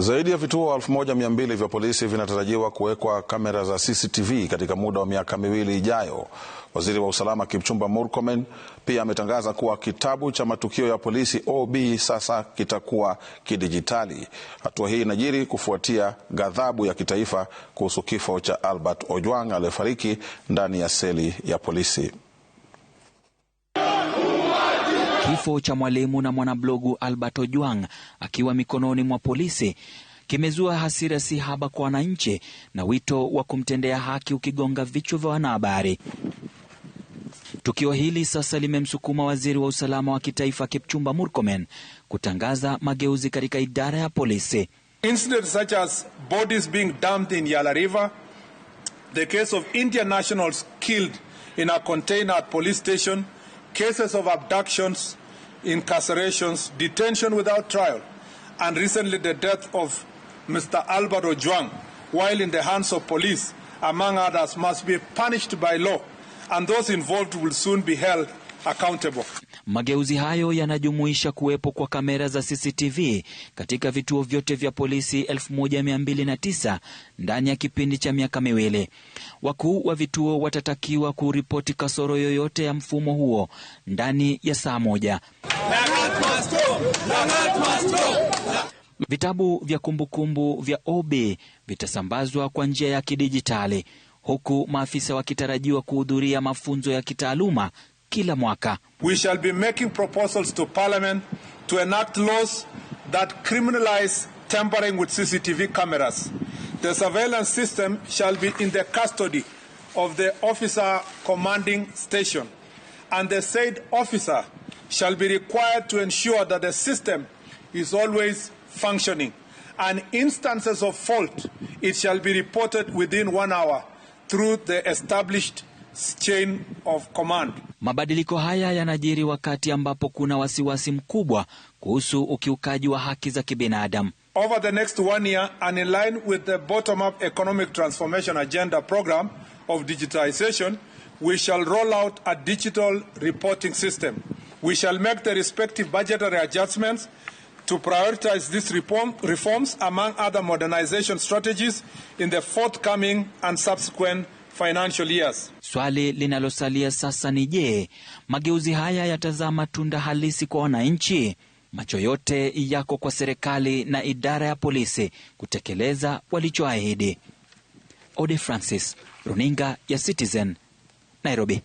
Zaidi ya vituo 1200 vya polisi vinatarajiwa kuwekwa kamera za CCTV katika muda wa miaka miwili ijayo. Waziri wa usalama Kipchumba Murkomen pia ametangaza kuwa kitabu cha matukio ya polisi OB sasa kitakuwa kidijitali. Hatua hii inajiri kufuatia ghadhabu ya kitaifa kuhusu kifo cha Albert Ojwang aliyefariki ndani ya seli ya polisi. Kifo cha mwalimu na mwanablogu Albert Ojwang akiwa mikononi mwa polisi kimezua hasira si haba kwa wananchi na wito wa kumtendea haki ukigonga vichwa vya wanahabari. Tukio hili sasa limemsukuma waziri wa usalama wa kitaifa Kipchumba Murkomen kutangaza mageuzi katika idara ya polisi. Incidents such as bodies being dumped in Yala River, the case of Indian nationals killed in a container at police station, cases of abductions, incarcerations, detention without trial, and recently the death of Mr. Alberto Juang while in the hands of police, among others, must be punished by law, and those involved will soon be held accountable. Mageuzi hayo yanajumuisha kuwepo kwa kamera za CCTV katika vituo vyote vya polisi 1209 ndani ya kipindi cha miaka miwili. Wakuu wa vituo watatakiwa kuripoti kasoro yoyote ya mfumo huo ndani ya saa moja. Vitabu vya kumbukumbu vya OB vitasambazwa kwa njia ya kidijitali huku maafisa wakitarajiwa kuhudhuria mafunzo ya kitaaluma kila mwaka. We shall be making proposals to parliament to enact laws that criminalize tampering with CCTV cameras. The surveillance system shall be in the custody of the officer commanding station and the said officer shall be required to ensure that the system is always functioning and instances of fault it shall be reported within one hour through the established chain of command. Mabadiliko haya yanajiri wakati ambapo kuna wasiwasi mkubwa kuhusu ukiukaji wa haki za kibinadamu. Over the next one year and in line with the bottom up economic transformation agenda program of digitization, we shall roll out a digital reporting system. We shall make the respective budgetary adjustments to prioritize these reform, reforms among other modernization strategies in the forthcoming and subsequent financial years. Swali linalosalia sasa ni je, mageuzi haya yatazaa matunda halisi kwa wananchi? Macho yote yako kwa serikali na idara ya polisi kutekeleza walichoahidi. Ode Francis, runinga ya Citizen, Nairobi.